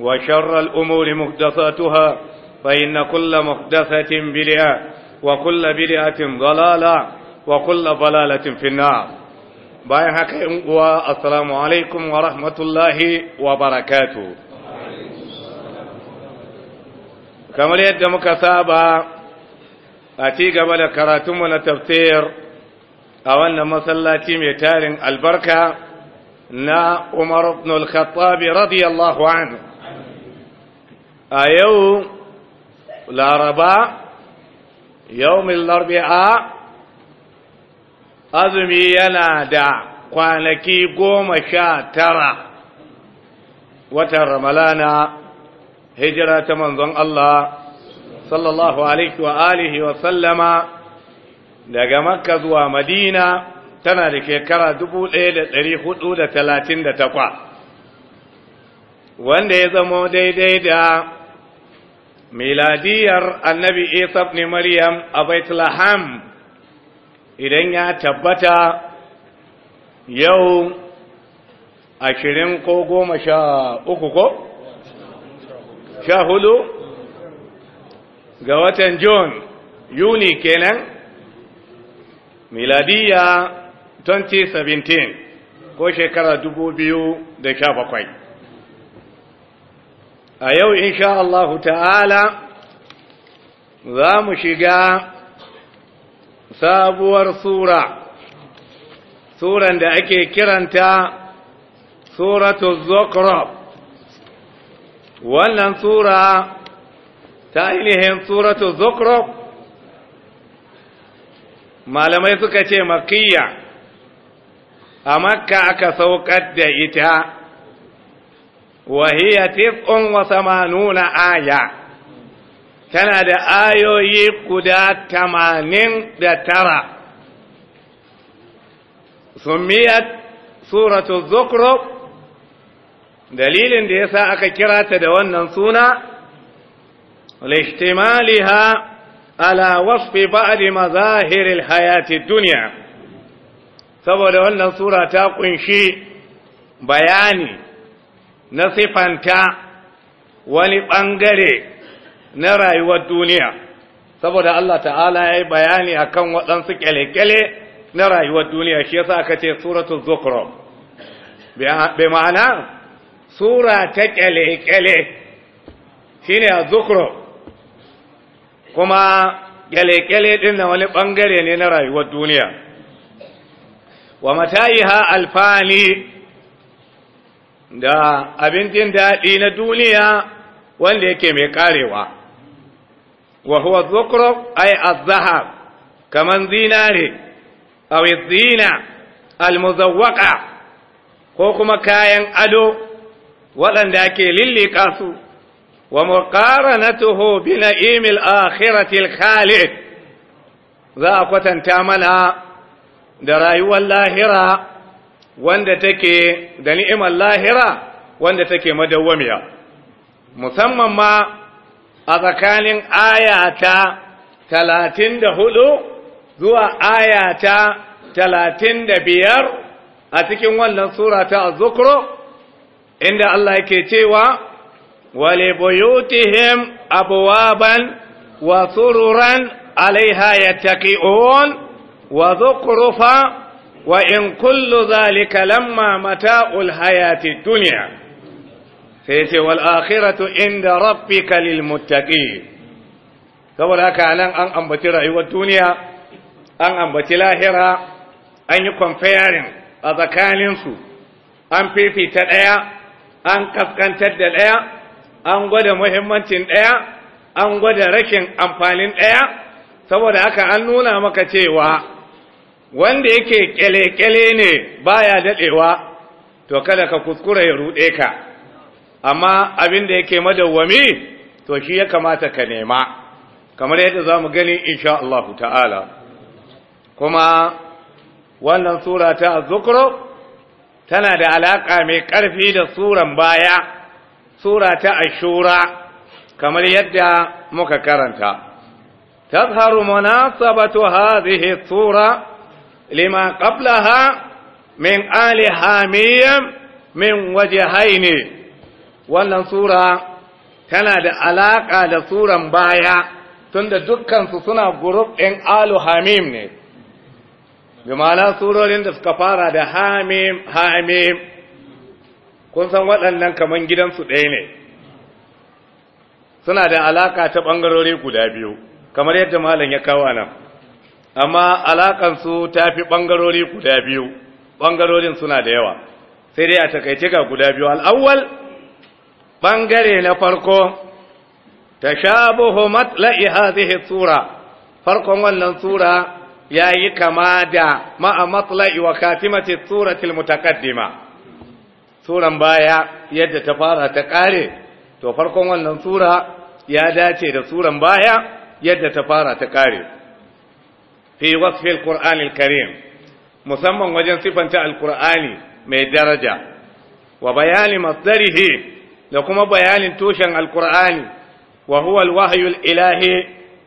وشر الأمور مهدثاتها فإن كل مهدثة بلعة وكل بلعة ضلالة وكل ضلالة في النار بايها كيموا السلام عليكم ورحمة الله وبركاته كما ليد مكسابة أتي قبل كراتمنا تفسير أو أن مسلا تيم يتارن البركة نا عمر بن الخطاب رضي الله عنه a yau laraba yawmin larbi'a azumi yana da kwanaki goma sha tara watan ramalana hijira ta manzon Allah sallallahu alaihi wa alihi wa sallama daga makka zuwa madina tana da shekara 1438 wanda ya zamo daidai da miladiyar annabi isa ne maryam a baitlaham idan ya tabbata yau ashirin ko goma sha uku ko? sha hudu ga watan Jun yuni kenan miladiya 2017 ko shekara 2017 a yau insha Allah ta'ala za mu shiga sabuwar sura suran da ake kiranta suratu zukhruf wannan sura ta ainihin suratu zukhruf malamai suka ce makiyya a makka aka saukar da ita wa hiya tis'un wa samanuna aya tana da ayoyi guda tamanin da tara summiyat suratu zukhruf dalilin da yasa aka kira ta da wannan suna lihtimaliha ala wasfi ba'd mazahir alhayati duniya saboda wannan sura ta kunshi bayani na sifanta wani ɓangare na rayuwar duniya saboda Allah ta'ala ya yi bayani a kan waɗansu ƙyale-ƙyale na rayuwar duniya shi yasa aka ce suratul zukro bai ma'ana sura ta ƙyale-ƙyale shi ne kuma ƙyale-ƙyale ɗin na wani ɓangare ne na rayuwar duniya wa matayi ha alfani da abincin daɗi na duniya wanda yake mai ƙarewa. wa huwa ai ay kaman zinare aw zina al-muzawwaqa ko kuma kayan ado waɗanda ake lillika su wa tuho bi imil a al-khalid za a kwatanta mana da rayuwar lahira wanda take da ni'imar lahira wanda take madawwamiya musamman ma a tsakanin ayata talatin da hudu zuwa ayata talatin da biyar a cikin wannan sura ta azukuro inda Allah yake cewa wale buyutihim abuwaban wa sururan alaiha yattaqi'un wa zukhrufa wa in kullu zalika lamma mata'ul hayati dunya sai yace wal akhiratu inda rabbika lil muttaqin saboda haka nan an ambaci rayuwar duniya an ambaci lahira an yi comparing a tsakanin su an fifita daya an kaskantar da daya an gwada muhimmancin daya an gwada rakin amfanin daya saboda haka an nuna maka cewa wanda yake kyale-kyale ne baya daɗewa, to kada ka kuskura ya rude ka amma abin da yake madawwami to shi ya kamata ka nema kamar yadda zamu gani insha Allah ta'ala kuma wannan sura ta az tana da alaƙa mai ƙarfi da suran baya sura ta ashura kamar yadda muka karanta tazharu munasabatu hadhihi sura lima qablaha min ali hamiyam min wajhaini wannan sura tana da alaƙa da suran baya tunda dukkansu suna guruf ɗin alu hamim ne bi ma'ana surorin da suka fara da hamim hamim kun san waɗannan kaman gidansu ɗaya ne suna da alaƙa ta ɓangarori guda biyu kamar yadda malam ya kawo nan amma alaƙansu ta fi ɓangarori guda biyu ɓangarorin suna da yawa sai dai a takaice ga guda biyu al'awwal ɓangare na farko ta sha buhu matla'i hazihe tsura farkon wannan tsura ya yi kama da ma'a matla'i wa katimace tsura tilmutakaddima tsuran baya yadda ta fara ta ƙare to farkon wannan tsura ya dace da tsuran baya yadda ta fara ta ƙare fi wasfil qur'anil karim musamman wajen sifanta alqur'ani mai daraja wa bayani masdarihi da kuma bayanin tushen alqur'ani wa huwa alwahyu ilahi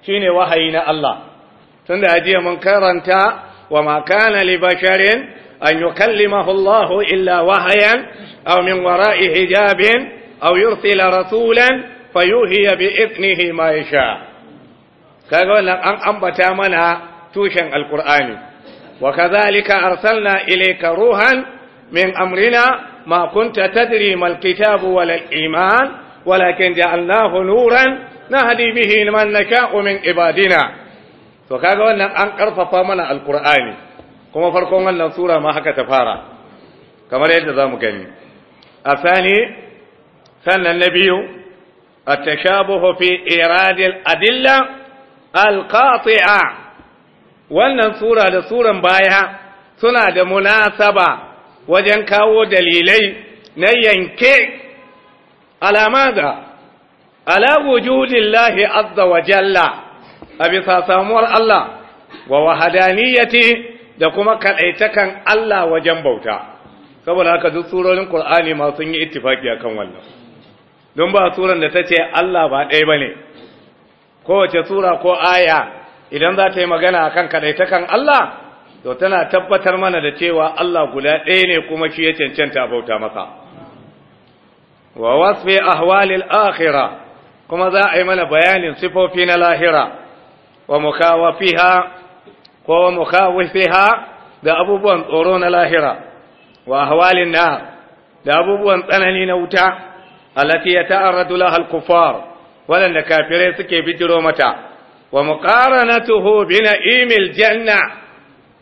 shine wahayi na Allah tunda ajiya mun karanta wa ma kana li basharin an yukallimahu Allah illa wahayan aw min wara'i hijabin aw yursila rasulan fayuhiya bi ithnihi ma yasha kaga wannan an ambata mana tushen alkur'ani wa kazalika arsalna ilayka ruhan min amrina ma kunta tadri mal kitabu wal iman walakin ja'alnahu nuran nahdi bihi man nasha'u min ibadina to kaga wannan an karfafa mana alkur'ani kuma farkon wannan sura ma haka ta fara kamar yadda zamu gani A Sani sannan na biyu التشابه في iradil adilla القاطعة wannan sura da suran baya suna da munasaba wajen kawo dalilai na yanke alamada ala wujudillahi azza wa jalla a bisa samuwar Allah wa wahadaniyati da kuma kaɗaitakan Allah wajen bauta saboda haka duk surorin Qur'ani ma sun yi ittifaki akan wannan don ba suran da ta ce Allah ba ɗaya bane kowace sura ko aya idan za ta yi magana kaɗaita kan Allah to tana tabbatar mana da cewa Allah guda ɗaya ne kuma shi ya cancanta bauta masa wa a hawalin akhirah kuma za a yi mana bayanin sifofi na lahira wa ko wa mukawafiha da abubuwan tsoro na lahira wa ahwalin na da abubuwan tsanani na wuta alati ya ta'arradu lahal kufar waɗanda kafirai suke bijiro mata wa tuho bina na'imil janna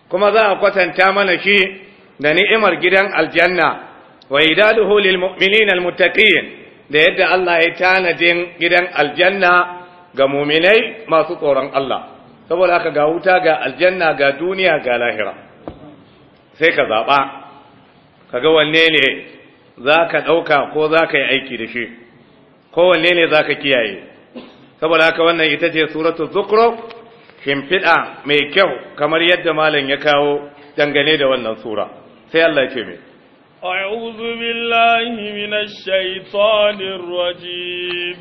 kuma za a kwatanta mana shi da ni'imar gidan aljanna wa idaduhu lil mu'minina al muttaqin da yadda Allah ya tanadin gidan aljanna ga muminai masu tsoron Allah saboda haka ga wuta ga aljanna ga duniya ga lahira sai ka zaɓa ka wanne ne za ka ɗauka ko za ka yi aiki da shi ko ne za ka kiyaye saboda haka wannan ita ce suratul zukro shimfiɗa mai kyau kamar yadda malam ya kawo dangane da wannan sura sai Allah ce mai أعوذ بالله من الشيطان الرجيم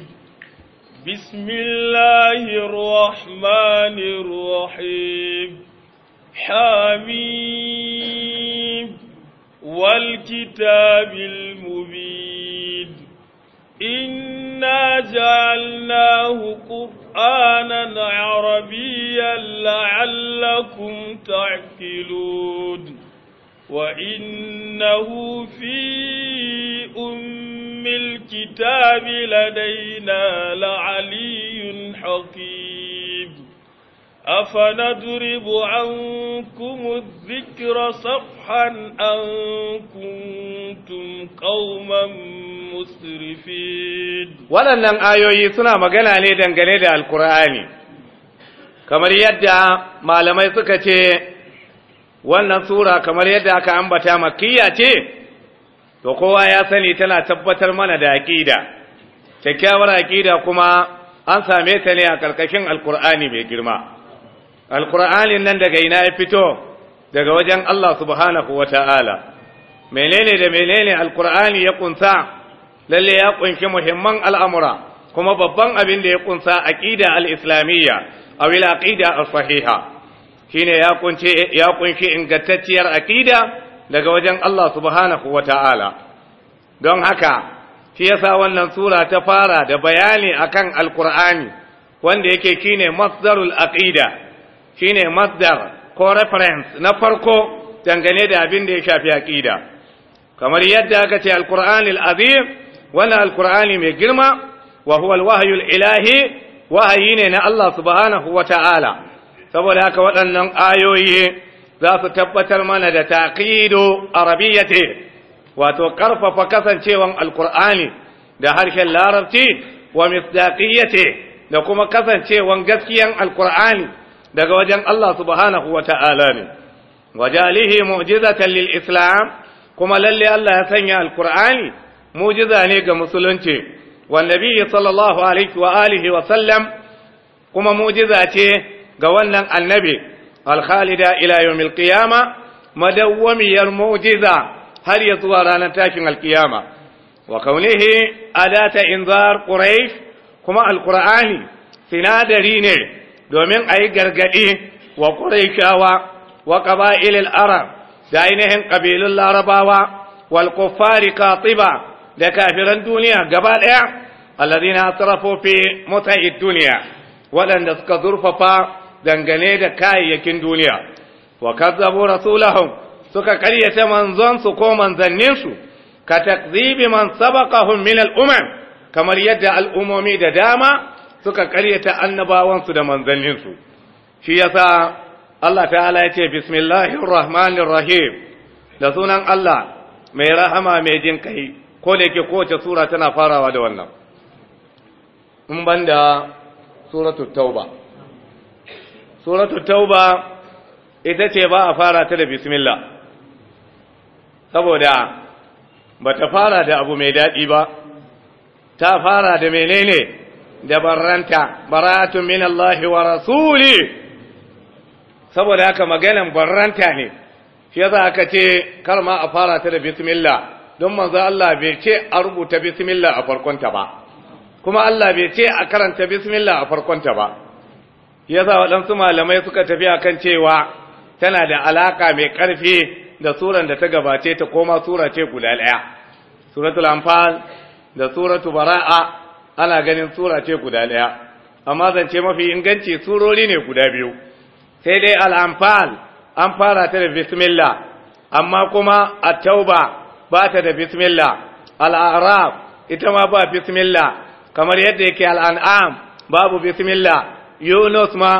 بسم الله الرحمن الرحيم حميم والكتاب المبين إنا جعلناه قرآنا عربيا لعلكم تعقلون وإنه في أم الكتاب لدينا لعلي حكيم أفنضرب عنكم الذكر صفحا أن كنتم قوما مسرفين waɗannan ayoyi suna magana ne dangane da alkur'ani kamar yadda malamai suka ce wannan sura kamar yadda aka ambata makiyya ce to kowa ya sani tana tabbatar mana da aƙida kyakkyawar aƙida kuma an same ta ne a ƙarƙashin alkur'ani mai girma alqur'anin nan daga ina ya fito daga wajen Allah subhanahu wata'ala menene da menene alqur'ani ya kunsa lalle ya kunshi muhimman al'amura kuma babban abin da ya kunsa aqida al-islamiyya aw wila aqida as-sahiha shine ya ya kunshi ingantacciyar aƙida daga wajen Allah subhanahu wata'ala don haka shi yasa wannan sura ta fara da bayani akan alqur'ani wanda yake ne masdarul aqida shine masdar ko reference na farko dangane da abin da ya shafi aqida kamar yadda aka ce alqur'anil azim wala alqur'ani mai girma wa huwa ilahi wahayi ne na Allah subhanahu wata'ala saboda haka waɗannan ayoyi za su tabbatar mana da taqidu arabiyyati wato karfafa kasancewan alqur'ani da harshen larabci wa misdaqiyyati da kuma kasancewan gaskiyan alqur'ani daga wajen Allah subhanahu wa ta'ala ne wajalihi lil islam kuma lalle Allah ya sanya alkur'ani mu'jiza ne ga musulunci wanda biyu sallallahu alaihi wa sallam kuma mu'jiza ce ga wannan annabi al ila yawmil qiyama madawwamiyar mu'jiza har ya zuwa ranar tashin alkiyama wa kaunihi adata inzar Quraysh kuma alkur'ani sinadari ne domin a yi gargaɗi wa ƙuraishawa wa ƙaba'ilil arab da ainihin ƙabilun larabawa wal kuffari katiba da kafiran duniya gaba ɗaya alladhina asrafu fi duniya waɗanda suka zurfafa dangane da kayayyakin duniya wa kazzabu rasulahum suka ƙaryata manzonsu ko manzanninsu ka takzibi man sabaqahum min al'umam kamar yadda al'umomi da dama suka karyata annabawansu da manzanninsu shi yasa Allah ta'ala ya ce bismillahir rahmanir rahim da sunan Allah mai rahama mai jin kai ko da yake kowace sura tana farawa da wannan in banda suratul tauba tauba ita ce ba a fara ta da bismillah saboda ba ta fara da abu mai daɗi ba ta fara da menene da baranta bara'atun min Allah wa rasuli saboda haka maganan barranta ne shi yasa aka ce kar a fara ta da bismillah don manzo Allah bai ce a rubuta bismillah a farkon ta ba kuma Allah bai ce a karanta bismillah a ta ba yasa waɗansu malamai suka tafi akan cewa tana da alaka mai karfi da suran da ta gabace ta koma sura ce guda ɗaya suratul anfal da suratul bara'a ana ganin tsura ce guda ɗaya amma zance mafi inganci surori ne guda biyu sai dai al'amfal an fara ta da bismillah amma kuma a tauba ba ta da bismillah al'araf ita ma ba bismillah kamar yadda yake al'an'am babu bismillah yunus ma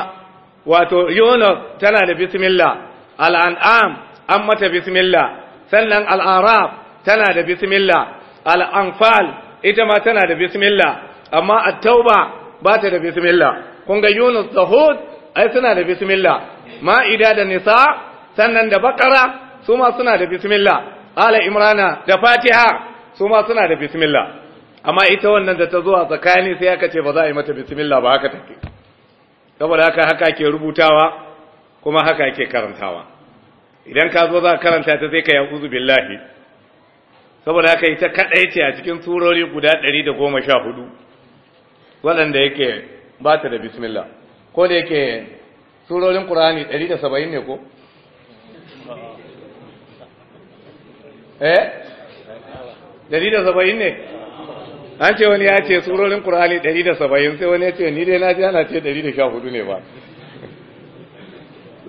wato yunus tana da bismillah al'an'am an mata bismillah sannan al'araf tana da bismillah al'amfal ita ma tana da bismillah amma at-tauba ba ta da bismillah kun ga Yunus da Hud ai suna da bismillah ma'ida da nisa sannan da bakara su ma suna da bismillah ala imrana da fatiha su ma suna da bismillah amma ita wannan da ta zo a tsakani sai aka ce ba za a yi mata bismillah ba haka take saboda haka haka ke rubutawa kuma haka ke karantawa idan ka zo za ka karanta ta sai ka yi billahi saboda haka ita kaɗai ce a cikin surori guda 114 waɗanda yake ba ta da bismillah ko da yake surorin ƙurani 170 ne ko? eh? 170 ne? an ce wani ya ce surorin ƙurani 170 sai wani ya ce ni dai na ji ana ce 114 ne ba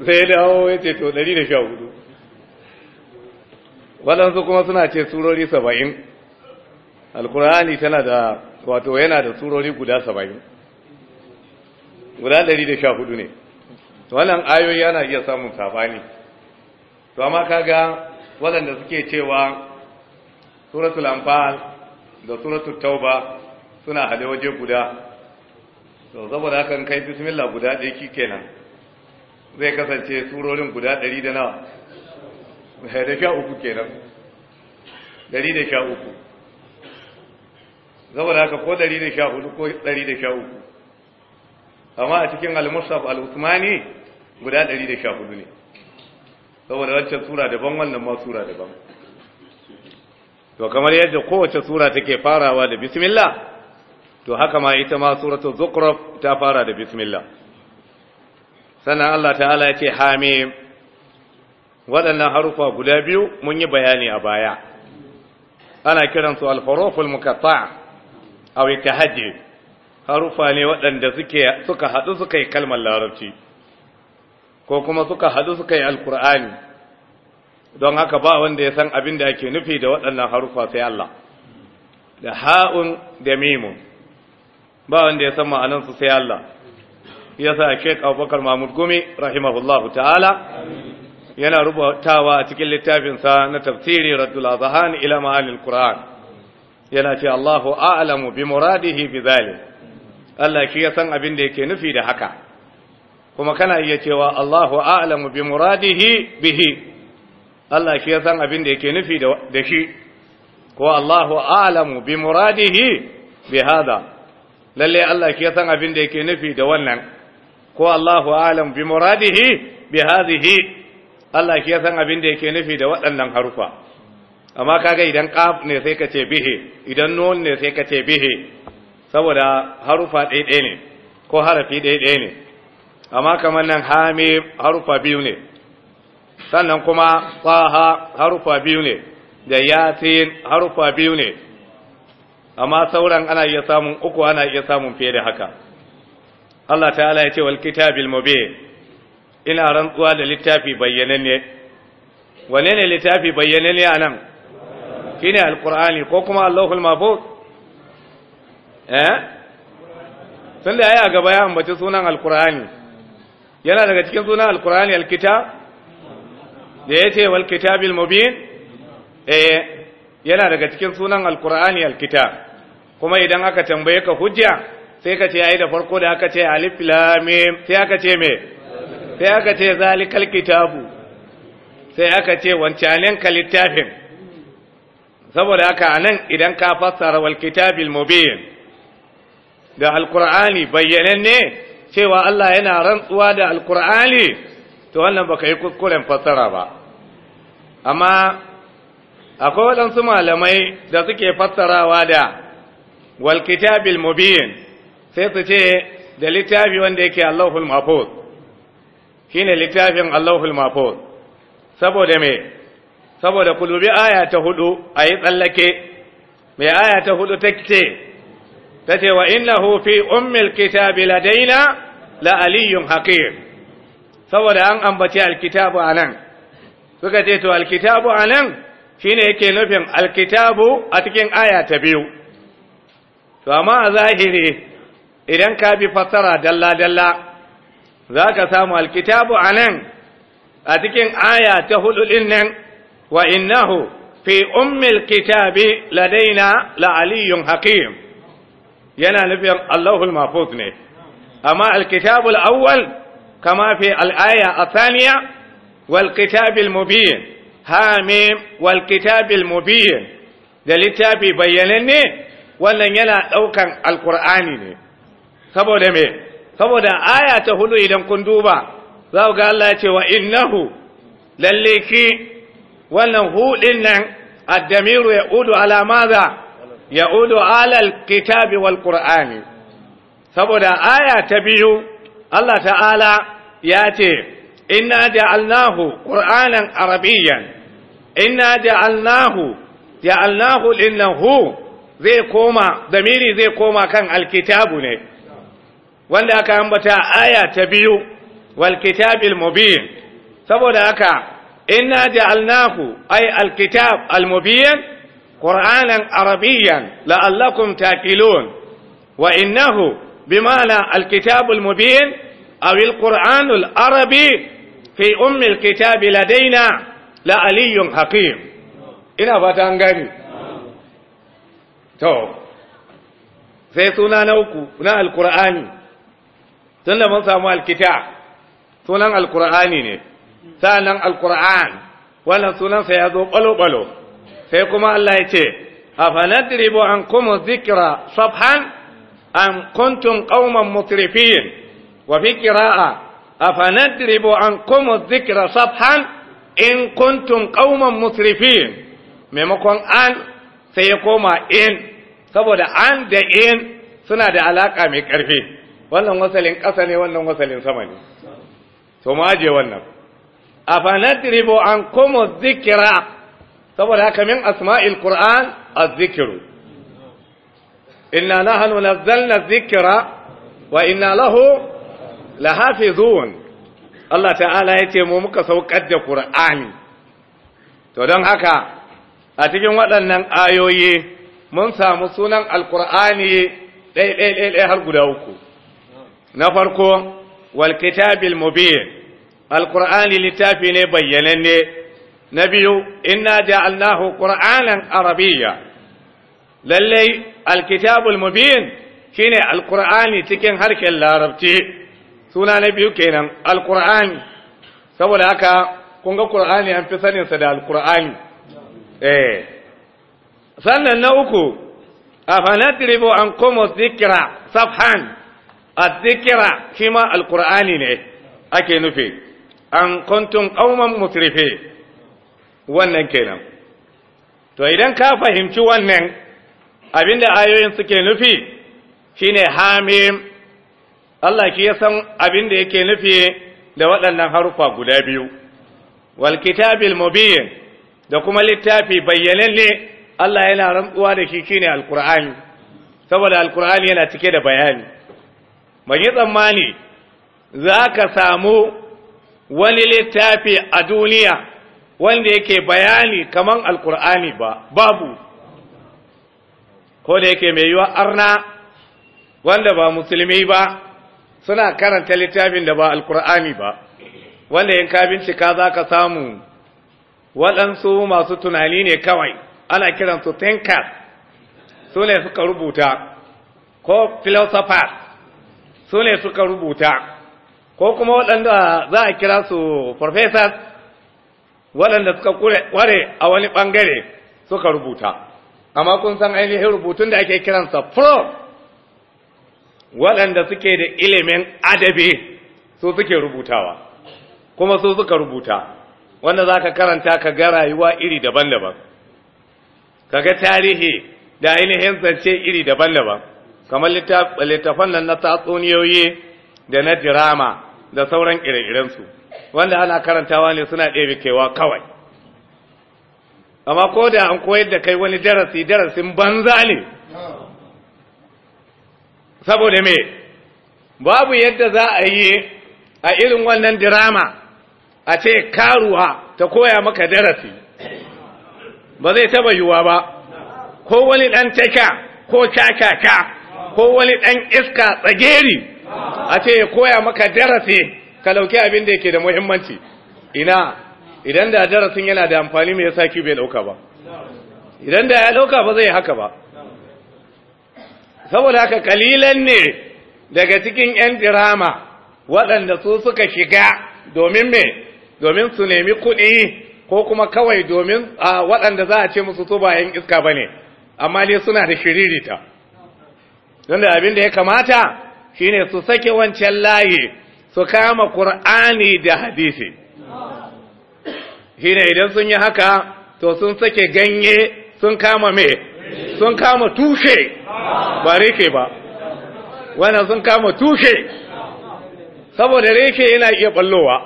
sai dawo ya ce to 114 waɗansu kuma suna ce surori saba'in alkur'ani tana da wato yana da surori guda saba'in guda ɗari da sha hudu ne wannan ayoyi yana iya samun sabani to amma kaga waɗanda suke cewa suratul anfal da suratul tauba suna hade waje guda to saboda hakan kai bismillah guda ɗaya kenan zai kasance surorin guda ɗari da nawa Eh, da sha uku kenan dari da sha uku haka ko dari da sha ko dari da sha uku amma a cikin al-musaf al uthmani guda dari da sha hudu ne saboda wancan sura daban wannan ma sura daban to kamar yadda kowace sura take farawa da bismillah to haka ma ita ma suratu zukhruf ta fara da bismillah sannan Allah ta'ala ya ce hamim waɗannan harufa guda biyu mun yi bayani a baya ana kiransu alfaroful mukata a wika hajji harufa ne waɗanda suka haɗu suka yi kalmar larabci ko kuma suka haɗu suka yi alkur'ani don haka ba wanda ya san abin da ake nufi da waɗannan harufa sai Allah da ha'un da mimun ba wanda ya san ma'anansu sai Allah Ya sa Sheikh Abubakar Mahmud Gumi rahimahullahu ta'ala yana rubutawa a cikin littafinsa na tafsiri raddul azhan ila ma'anil qur'an yana ce Allahu a'lamu bi muradihi bi zalim Allah shi ya san abin da yake nufi da haka kuma kana iya cewa Allahu a'lamu bi muradihi bihi Allah shi ya san abin da yake nufi da shi ko Allahu a'lamu bi muradihi bi hada lalle Allah shi ya san abin da yake nufi da wannan ko Allahu a'lamu bi muradihi bi hadhihi Allah shi ya san abin da yake nufi da waɗannan harufa amma kaga idan qaf ne sai ka ce bihi idan nun ne sai ka ce bihi saboda harufa ɗaya ne ko harafi ɗaya ne amma kamar nan hamim harufa biyu ne sannan kuma tsaha harufa biyu ne da yasin harufa biyu ne amma sauran ana iya samun uku ana iya samun fiye da haka Allah ta'ala ya ce wal kitabil mubin ina rantsuwa da littafi bayyananne wane ne littafi bayyananne a nan shi ne alkur'ani ko kuma allahul mafuz eh sun da ya yi a gaba ya ambaci sunan alkur'ani yana daga cikin sunan alkur'ani alkita? da ya ce wal kitabil mubin eh yana daga cikin sunan alkur'ani alkita. kuma idan aka tambaye ka hujja sai ka ce yi da farko da aka ce alif lamim sai aka ce me sai aka ce zalikal kitabu sai aka ce wancanen kalittafin littafin saboda aka anan idan ka fassara wal kitabil mubin da alqur'ani bayyananne cewa Allah yana rantsuwa da alqur'ani to wannan baka yi kuskuren fassara ba amma akwai waɗansu malamai da suke fassarawa da wal kitabil mubin sai su ce da littafi wanda yake Allahul mahfuz shine littafin Allahul Mahfuz saboda me saboda kulubi aya ta hudu ayi tsallake me aya ta hudu take tace wa innahu fi ummil kitabi ladaina la aliyyun haqir saboda an ambaci alkitabu anan suka ce to alkitabu anan shine yake nufin alkitabu a cikin aya ta biyu to amma a zahiri idan ka bi fassara dalla dalla za ka samu alkitabu a nan a cikin aya ta hudu ɗin nan wa innahu fi ummil kitabi ladaina la aliyun hakim yana nufin allahul mafuz ne amma alkitabu al'awwal kama fi al'aya a saniya walkitabil kitabil mubin hamim walkitabil kitabil da littafi bayyananne wannan yana ɗaukan alkur'ani ne saboda me saboda aya ta hudu idan kun duba za ku ga Allah ya ce wa innahu lalle ki wannan hudin nan addamiru ya udu ala maza ya udu ala alkitabi wal qur'ani saboda aya ta biyu Allah ta'ala ya ce inna ja'alnahu qur'anan arabiyyan inna ja'alnahu ja'alnahu linnahu zai koma damiri zai koma kan alkitabu ne wanda aka ambata aya ta biyu wal kitabil mubin saboda haka inna ja'alnahu ay al kitab al mubin qur'anan arabiyyan la'allakum taqilun wa innahu bima'na al kitab al mubin aw al qur'an al arabi fi umm al kitab ladaina la aliyyun ina fata an gani to sai suna na uku na alkur'ani tun da mun samu alkita sunan alkur'ani ne sa'annan alkur'an wannan sunansa ya zo balo-balo sai kuma Allah ya ce afanadribu an kuma zikira safhan an kuntum qauman mutrifin wa fi qira'a afanadribu an kuma zikira safhan in kuntum qauman mutrifin maimakon an sai ya koma in saboda an da in suna da alaka mai karfi wannan wasalin ƙasa ne wannan wasalin sama ne to mu aje wannan afanadribu an adh-dhikra saboda haka min asma'il qur'an adh-dhikru inna nahnu nazzalna dhikra wa inna lahu lahafizun Allah ta'ala yace mu muka saukar da qur'ani to don haka a cikin waɗannan ayoyi mun samu sunan alqur'ani ɗaya ɗaya ɗaya har guda uku na farko walkitabil mubin alkur'ani littafi ne bayyananne na biyu inna ja'alnahu qur'anan arabiyya lallai alkitabul mubin shine alkur'ani cikin harshen larabci suna na biyu kenan alkur'ani saboda haka kun ga qur'ani an fi saninsa da alqur'ani eh sannan na uku afanadribu ankum zikira safhan azzikira kima ma alkur'ani ne ake nufi an kuntum qauman musrifi wannan kenan to idan ka fahimci wannan abinda ayoyin suke nufi shine hamim Allah ki ya san abinda yake nufi da waɗannan harufa guda biyu wal kitabil mubin da kuma littafi ne. Allah yana rantsuwa da shi shine alqur'ani saboda alqur'ani yana cike da bayani ba yi tsammani za ka samu wani littafi a duniya wanda yake bayani kamar alkur'ani ba babu ko da yake mai yiwa arna wanda ba musulmi ba suna karanta littafin da ba alkur'ani ba wanda yin ka bincika za ka samu waɗansu masu tunani ne kawai ana kiransu thinkers su ne suka rubuta ko philosophers su ne suka rubuta ko kuma waɗanda za a kira su professors waɗanda suka kware a wani ɓangare suka rubuta amma kun san ainihin rubutun da ake kiransa pro waɗanda suke da ilimin adabi su suke rubutawa kuma su suka rubuta wanda za ka karanta ka ga rayuwa iri daban-daban ka ga tarihi da ainihin zance iri daban-daban kamar littafan nan na tatsuniyoyi da na dirama da sauran ire-irensu wanda ana karantawa ne suna ɗebe kewa kawai amma ko da an koyar da kai wani darasi darasin banza ne saboda me babu yadda za a yi a irin wannan dirama a ce karuwa ta koya maka darasi ba zai taba yiwuwa ba ko wani ɗan taka ko kakaka ko wani ɗan iska tsageri a ce ya koya maka darasi ka lauke abin da yake da muhimmanci ina idan da darasin yana da amfani mai yasa ki bai dauka ba idan da ya dauka ba zai haka ba saboda haka kalilan ne daga cikin yan dirama waɗanda su suka shiga domin me domin su nemi kuɗi ko kuma kawai domin waɗanda za a ce musu su bayan iska ba ne amma ne suna da shiririta don abin da ya kamata shi ne su sake wancan layi su kama ƙur'ani da hadisi ne idan sun yi haka to sun sake ganye sun kama me sun kama tushe ba rike ba wannan sun kama tushe saboda rike yana iya ɓallowa.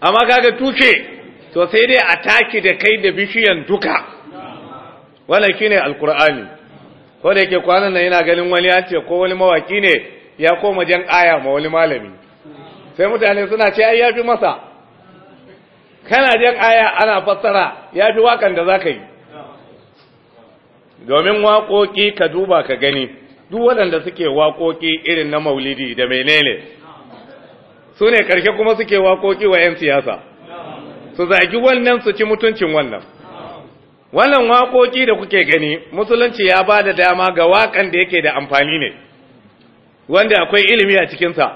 amma kaga tushe to sai dai a taki da kai da bishiyan duka wannan shine alkur'ani ko da yake kwanan nan yana ganin wani yace ce ko wani mawaki ne ya koma jan aya ma wani malami sai mutane suna ce ai yafi masa kana jan aya ana fassara yafi wakan da zaka yi domin waƙoƙi ka duba ka gani duk waɗanda suke waƙoƙi irin na maulidi da menene su ne ƙarshe kuma suke waƙoƙi wa 'yan siyasa su zagi wannan su ci mutuncin wannan wannan waƙoƙi da kuke gani musulunci ya ba da dama ga waƙan da yake da amfani ne wanda akwai ilimi a cikinsa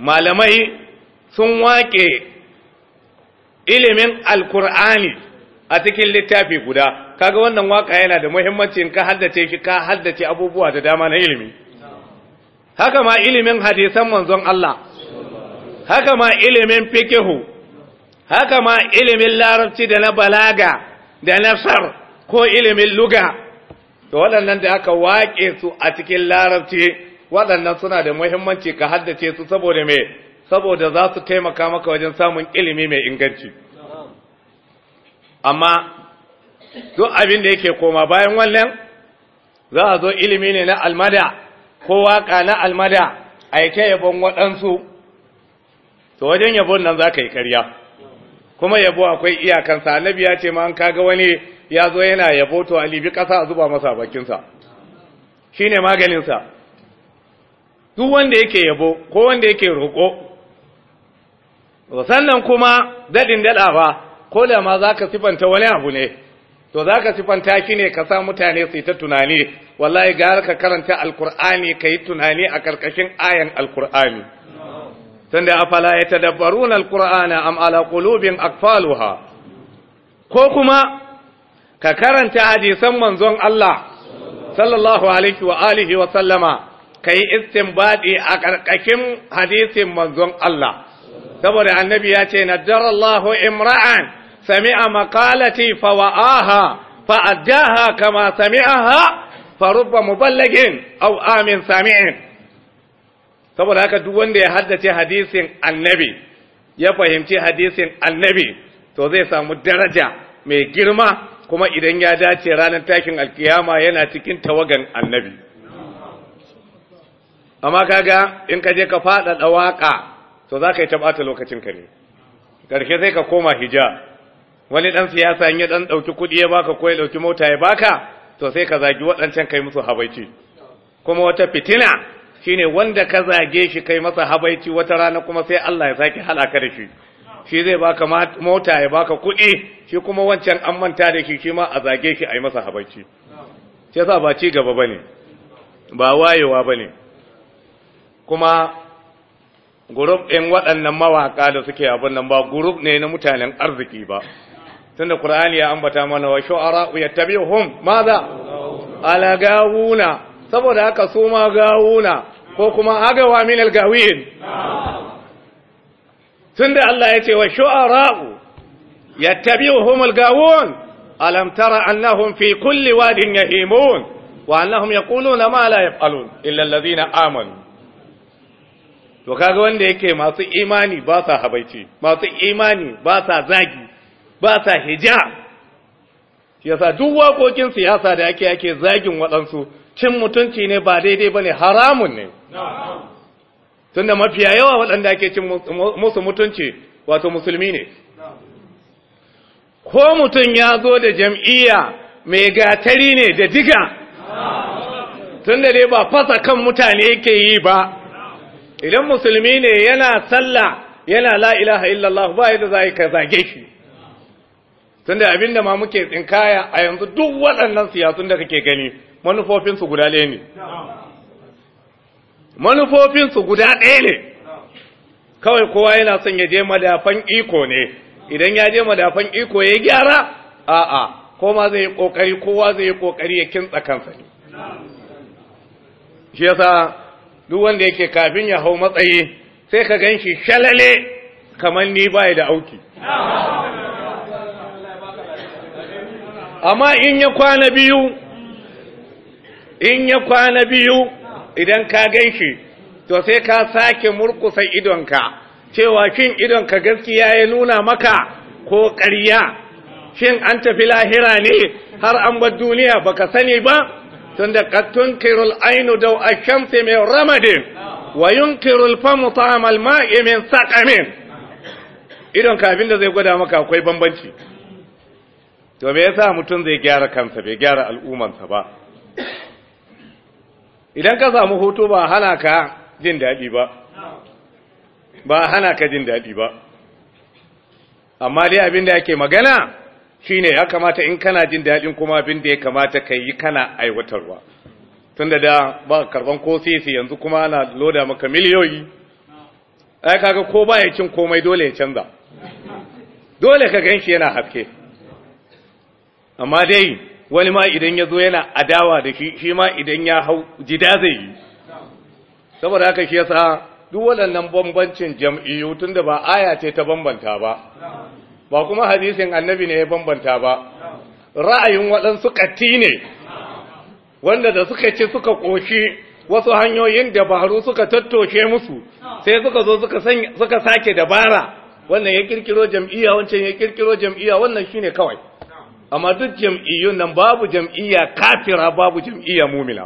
malamai sun waƙe ilimin alkur'ani a cikin littafi guda kaga wannan waka yana da muhimmanci in ka haddace shi ka haddace abubuwa da dama na ilimi haka ma ilimin hadisan manzon Allah haka ma ilimin fikihu haka ma ilimin larabci da na balaga da nasar ko ilimin luga da waɗannan da aka waƙe su a cikin larabci waɗannan suna da muhimmanci ka haddace su saboda mai saboda za su taimaka maka wajen samun ilimi mai inganci amma duk abin da yake koma bayan wannan za a zo ilimi ne na almada ko waƙa na almada a yake yabon waɗansu to wajen yabon nan za ka yi karya kuma yabo akwai iyakansa annabi ya ce ma an kaga wani ya zo yana yabo to a libi ƙasa a zuba masa bakinsa shi ne maganinsa duk wanda yake yabo ko wanda yake roƙo sannan kuma daɗin daɗa ba ko da ma za ka sifanta wani abu ne to za ka sifanta shi ne ka sa mutane su yi ta tunani wallahi ga ka karanta alkur'ani ka yi tunani a ƙarƙashin ayan alkur'ani tunda afala yatadabbaruna alqur'ana am ala akfaluha ko kuma ka karanta hadisan manzon Allah sallallahu alaihi wa alihi wa sallama kai baɗi a karkakin hadisin manzon Allah saboda annabi ya ce nadarallahu imra'an sami'a makalati fa wa'aha fa addaha kama sami'aha fa rubba muballigin au amin sami'in saboda haka duk wanda ya haddace hadisin annabi ya fahimci hadisin annabi to zai samu daraja mai girma kuma idan ya dace ranar takin alkiyama yana cikin tawagan annabi amma kaga in ka je ka faɗaɗa waƙa to za ka yi taɓata ka ne karshe sai ka koma hija wani dan siyasa in ya dan ɗauki kuɗi ya baka ko ya dauki mota ya baka to sai ka zagi waɗancan kai musu habaici kuma wata fitina shine wanda ka zage shi kai masa habaici wata rana kuma sai Allah ya sake halaka da shi shi zai baka mota ya baka kuɗi shi kuma wancan an manta da shi shi ma a zage shi a yi masa habaici sai sa ba ci gaba bane ba wayewa bane kuma gurup ɗin waɗannan mawaƙa da suke abin nan ba gurup ne na mutanen arziki ba tunda Qur'ani ya ambata mana wa shu'ara'u yattabi'uhum Maza ala gawuna saboda haka su ma gawuna ko kuma agawa min al'gawiyin? tunda Allah ya ce wa shu'ara'u yattabi'uhum algawun alam tara annahum fi kulli wadin yahimun wa annahum yaquluna ma la yaf'alun illa alladhina amanu to kaga wanda yake masu imani ba sa habaici masu imani ba sa zagi ba sa hija yasa duk waƙoƙin siyasa da ake ake zagin waɗansu cin mutunci ne ba daidai ba ne haramun ne tunda mafiya yawa waɗanda ake cin musu mutunci wato musulmi ne ko mutum ya zo da jam'iyya mai gatari ne da diga tunda dai ba fasa kan mutane yake yi ba idan musulmi ne yana sallah yana la'ilaha illallah ba yadda za ka zage shi tunda abinda ma muke tsinkaya a yanzu duk waɗannan siyasun da kake gani manufofinsu guda ɗaya ne manufofinsu guda ɗaya ne kawai kowa yana son ya je madafan iko ne idan ya je madafan iko ya gyara a'a koma zai yi ƙoƙari, kowa zai yi ƙoƙari ya kintsa kansa ne shi yasa duk wanda yake kafin ya hau matsayi sai ka gan shi shalale kamar ni baya da auki amma in ya kwana biyu in ya kwana biyu idan ka gan shi to sai ka sake murkusa idonka cewa shin idonka gaskiya ya nuna maka ko ƙarya shin an tafi lahira ne har an bar duniya baka sani ba tunda da tunkiru kirul aynu da a shamsi mai ramadin wa yunkiru kirul famu ta mai min saqamin Idon kafin da zai gwada maka akwai bambanci to me yasa mutum zai gyara kansa bai gyara al'ummansa ba idan ka samu hutu ba hana ka jin daɗi ba ba hana ka jin daɗi ba amma dai abin da yake magana shine ya kamata in kana jin daɗin kuma abin da ya kamata ka yi kana aiwatarwa tun da da ba karban ko sisi yanzu kuma ana loda maka miliyoyi ai kaga ko ba ya cin komai dole ya canza dole ka ganshi yana haske amma dai wani ma idan ya zo yana adawa da shi shi ma idan ya hau jida zai yi saboda haka shi yasa duk waɗannan bambancin jam'iyyu tunda ba aya ce ta bambanta ba ba kuma hadisin annabi ne ya bambanta ba ra'ayin waɗansu ƙatti ne wanda da suka ci suka ƙoshi wasu hanyoyin dabaru suka tattoshe musu sai suka zo suka sake dabara wannan ya kirkiro jam'iyya wancan ya ƙirƙiro jam'iyya wannan shine kawai amma duk jam'iyyun nan babu jam'iyya kafira babu jam'iyya mumina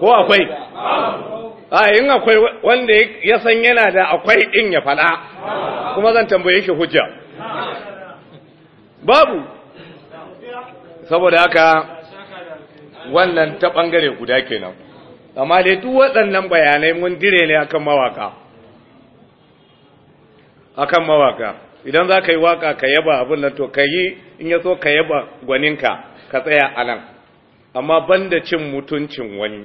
ko akwai a in akwai wanda ya san yana da akwai ɗin ya faɗa, kuma zan tambaye shi hujja babu saboda haka wannan ta ɓangare guda kenan amma dai duk waɗannan bayanai mun dire ne akan mawaka akan mawaka idan za ka yi waka ka yaba abin nan to ka yi in ya so ka yaba gwaninka ka tsaya a nan amma banda cin mutuncin wani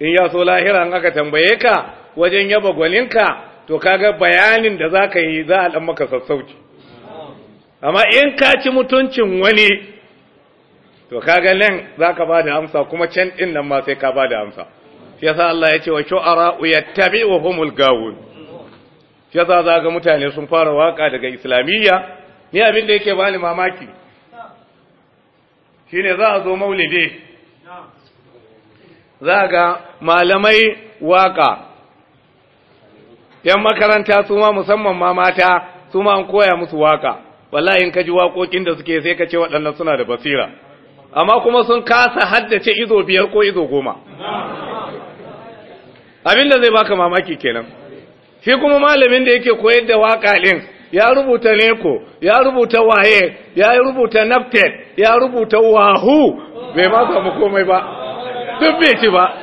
in ya so lahira an aka tambaye ka wajen yaba gwaninka to kaga bayanin da za ka yi za a ɗan maka sassauci amma in ka ci mutuncin wani to kaga nan za ka ba da amsa kuma can ɗin nan ma sai ka ba da amsa shi yasa Allah ya ce wa shu'ara yattabi'uhumul gawun shi yasa za ga mutane sun fara waka daga islamiyya ni abin da yake bani mamaki shine za a zo maulidi za ga malamai waka yan makaranta su ma musamman ma mata su ma an koya musu waka wallahi in ka ji waƙoƙin da suke sai ka ce waɗannan suna da basira amma kuma sun kasa haddace izo biyar ko izo goma Abin da zai baka mamaki kenan shi kuma malamin da yake koyar da waƙa ɗin ya rubuta neko ya rubuta waye ya rubuta naftet ya rubuta wahu bai ma samu komai ba duk bai ci ba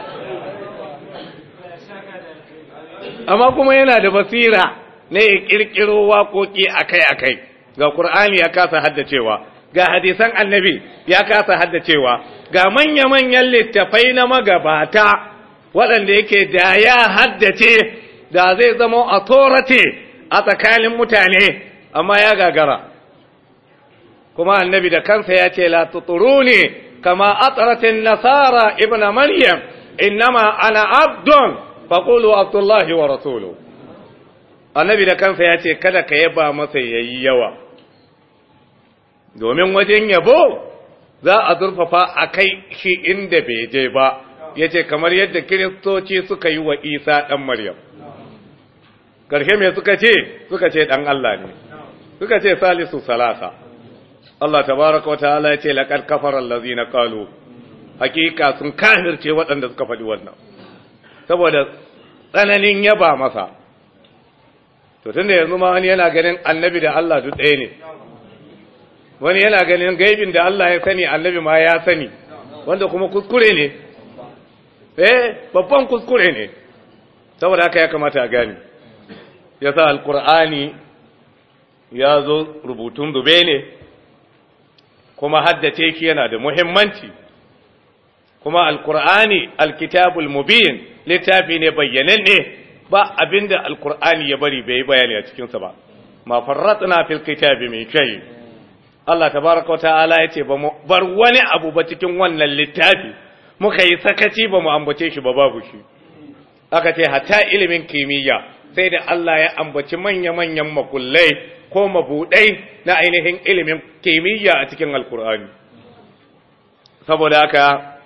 amma kuma yana da basira na ya ƙirƙiro waƙoƙi akai-akai ga ƙur'ani ya kasa haddacewa ga hadisan annabi ya kasa haddacewa ga manya-manyan littafai na magabata waɗanda yake da ya haddace da zai zama authority a tsakanin mutane amma ya gagara kuma annabi da kansa ya ce la tuturuni kama atratin nasara ibn maryam innama ana abdun faqulu abdullahi wa rasulu annabi da kansa ya ce kada ka yaba masa yayi yawa domin wajen yabo za a zurfafa a kai shi inda bai je ba yace kamar yadda kiristoci suka yi wa isa ɗan maryam ƙarshe me suka ce suka ce ɗan Allah ne suka ce salisu salasa Allah ta tabaraka ala ya ce kafar kafara na ƙalo, hakika sun kahirce waɗanda suka faɗi wannan saboda tsananin yaba masa to da yanzu ma wani yana ganin annabi da Allah duk ɗaya ne wani yana ganin gaibin da Allah ya sani annabi ma ya sani wanda kuma kuskure ne eh babban kuskure ne saboda haka ya kamata a gani ya sa alkur'ani ya zo rubutun zube ne kuma haddace ki yana da muhimmanci kuma alkur'ani alkitabul mubin littafi ne ne. ba abinda alkur'ani ya bari bai bayani a cikinsa ba ma farratna fil kitabi min shay Allah tabaaraka wa ta'ala yace ba mu bar wani abu ba cikin wannan littafi muka yi sakaci ba mu ambace shi ba babu shi aka ce hatta ilimin kimiyya sai da Allah ya ambaci manya-manyan makullai ko mabuɗai na ainihin ilimin kimiyya a cikin alkur'ani saboda haka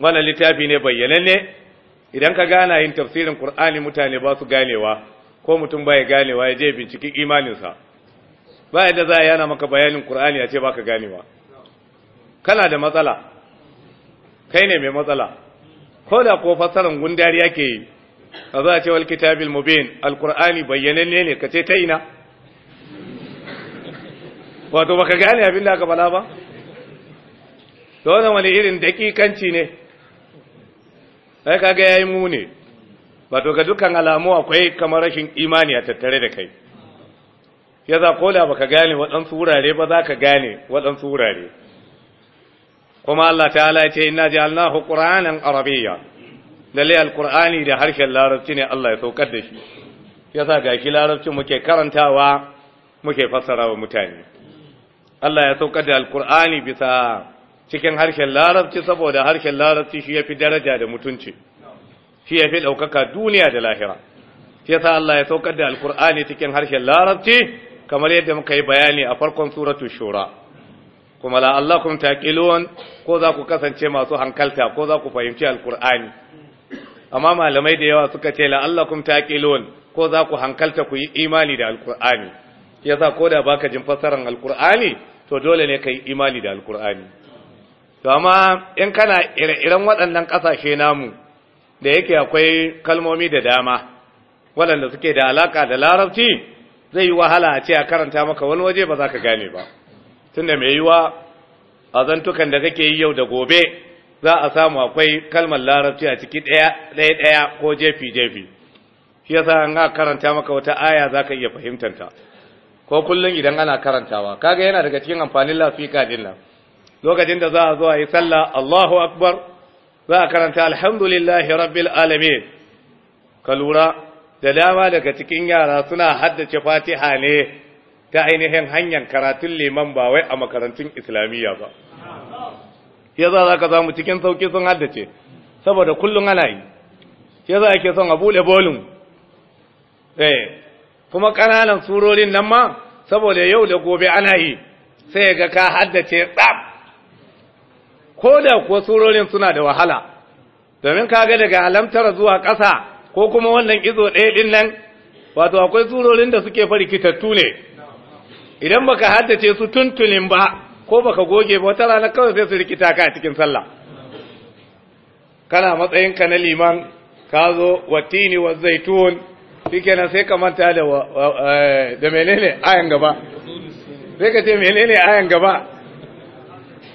wannan littafi ne bayyananne idan ka gana yin tafsirin kur'ani mutane ba su ganewa ko mutum ba ya ganewa ya je binciki imaninsa ba yadda za a yana maka bayanin kur'ani a ce ba ka ganewa kana da matsala kai ne mai matsala ko da ko fassarar gundari ke yi Ka za a ce wal kitabil mubin alqur'ani bayyananne ne kace ta ina wato baka gane abin da aka bala ba wannan wani irin dakikanci ne sai kaga yayi mune wato ga dukkan alamu akwai kamar rashin imani a tattare da kai ya za kola baka gane waɗansu wurare ba za ka gane waɗansu wurare kuma Allah ta'ala ce inna ja'alnahu qur'anan arabiyya lalle alkur'ani da harshen larabci ne Allah ya saukar da shi yasa gashi larabcin muke karantawa muke fassara wa mutane Allah ya saukar da alkur'ani bisa cikin harshen larabci saboda harshen larabci shi yafi daraja da mutunci shi yafi daukaka duniya da lahira shi yasa Allah ya saukar da alkur'ani cikin harshen larabci kamar yadda muka yi bayani a farkon suratul shura kuma la allakum taqilun ko za ku kasance masu hankalta ko za ku fahimci alkur'ani amma malamai da yawa suka ce kum taqilun ko za ku hankalta ku yi imani da alqur'ani yasa ko da baka jin fasaran alqur'ani to dole ne kai imani da alqur'ani to amma in kana ire-iren waɗannan ƙasashe namu da yake akwai kalmomi da dama waɗanda suke da alaka da larabci zai yi wahala a ce a karanta maka wani waje ba za ka gane ba tunda mai yiwa a zantukan da kake yi yau da gobe za a samu akwai kalmar larabci a ciki ɗaya ɗaya ko jefi jefi shi yasa an ga karanta maka wata aya zaka iya fahimtar ta ko kullun idan ana karantawa kaga yana daga cikin amfanin lafika din nan lokacin da za a zo a yi sallah Allahu akbar za a karanta alhamdulillahi rabbil alamin ka lura da dama daga cikin yara suna haddace fatiha ne ta ainihin hanyar karatun liman ba wai a makarantun islamiyya ba za ka za samu cikin sauƙi sun haddace saboda kullum ana yi ya za ake son a bude bolin eh kuma ƙananan surorin nan ma saboda yau da gobe ana yi sai ga ka haddace tsaf ko da kuwa surorin suna da wahala domin ka ga daga alamtar zuwa ƙasa ko kuma wannan izo ɗaya ɗin nan wato akwai surorin da suke fari ne idan baka haddace su tuntunin ba ko baka goge ba wata rana kawai sai su rikita ka a cikin sallah kana matsayin ka na liman ka zo watini wa zaitun shikenan sai ka manta da eh, da menene ayan gaba sai ka ce menene ayan gaba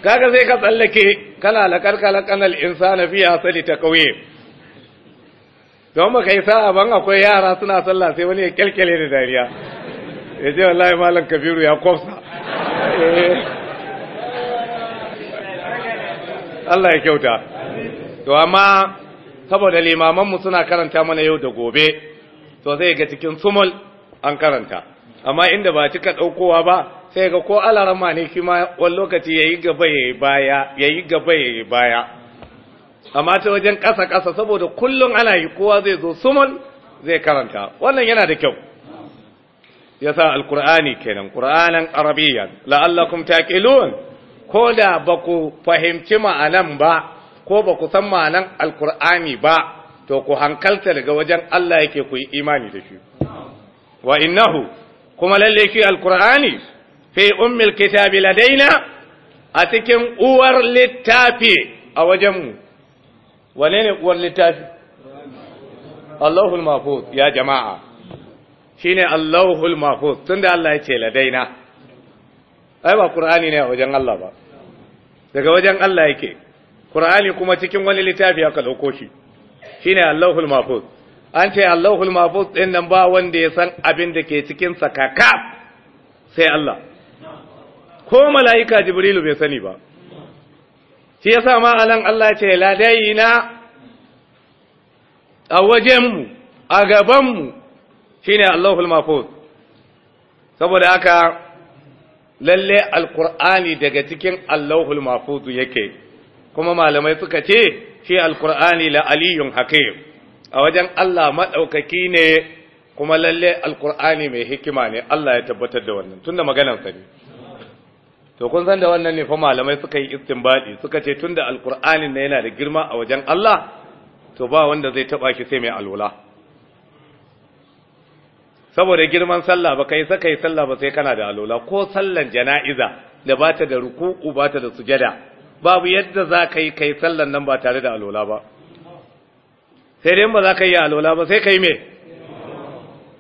kaga sai ka tsallake kana la kalkala kanal insana fi asali ta kauye don baka yi sa'a ban akwai yara suna sallah sai wani ya kyalkyale da dariya ya ce wallahi malam kabiru ya kwafsa eh. Allah ya kyauta to amma saboda mu suna karanta mana yau da gobe to zai ga cikin sumul an karanta amma inda ba cika ɗaukowa ba sai ga ko alarama ne kima wani lokaci ya yi gaba ya yi baya ya gaba ya baya amma ta wajen ƙasa-ƙasa saboda kullum ana yi kowa zai zo sumul zai karanta wannan yana da kyau ya sa alkur'ani kenan ƙur'anan arabiyya la'allakum taqilun ko da ba ku fahimci ma'anan ba ko ba ku san ma'anan alkur'ani ba to ku hankalta daga wajen Allah yake ku yi imani da shi wa innahu kuma lalle shi alkur'ani fi ummil kitabi ladaina a cikin uwar littafi a wajenmu wane ne uwar littafi Allahul mafuz ya jama'a shine Allahul mafuz tunda Allah ya ce ladaina ai ba qur'ani ne a wajen Allah ba daga wajen Allah yake qur'ani kuma cikin wani littafi aka dauko shi shine Allahul Mahfuz an ce Allahul Mahfuz din nan ba wanda ya san abin da ke cikin sa kaka sai Allah ko mala'ika Jibrilu bai sani ba shi yasa ma alan Allah ce ladaina a wajenmu a gabanmu shine Allahul Mahfuz saboda haka lalle alkur'ani daga cikin allahul mafuzu yake kuma malamai suka ce shi alkur'ani la aliyun hakim a wajen allah maɗaukaki ne kuma lalle alkur'ani mai hikima ne allah ya tabbatar da wannan tunda maganarsa ne to kun san da wannan ne fa malamai suka yi istinbadi suka ce tunda alkur'ani ne yana da girma a wajen allah to ba wanda zai taba shi sai mai alwala saboda girman sallah ba kai saka yi sallah ba sai kana da alola ko sallan jana'iza da ba ta da ruku'u ba ta da sujada babu yadda za ka yi kai sallan nan ba tare da alola ba sai dai ba za ka yi alola ba sai ka me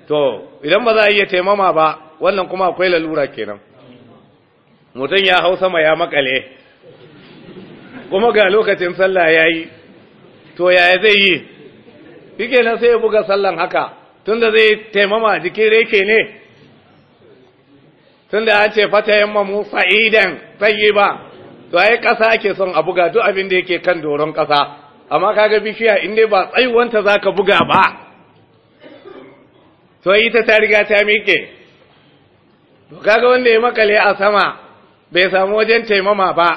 to idan ba za a iya taimama ba wannan kuma akwai lalura kenan mutum ya hau sama ya makale kuma ga lokacin sallah ya yi to yaya zai yi shi na sai ya buga sallan haka tunda zai taimama jikin reke ne tunda an ce fata yamma mu fa'idan ba to ai ƙasa ake son a buga duk abin da yake kan doron ƙasa amma kaga bishiya in dai ba tsayuwanta ka buga ba to yi ta riga ta miƙe to kaga wanda ya makale a sama bai samu wajen taimama ba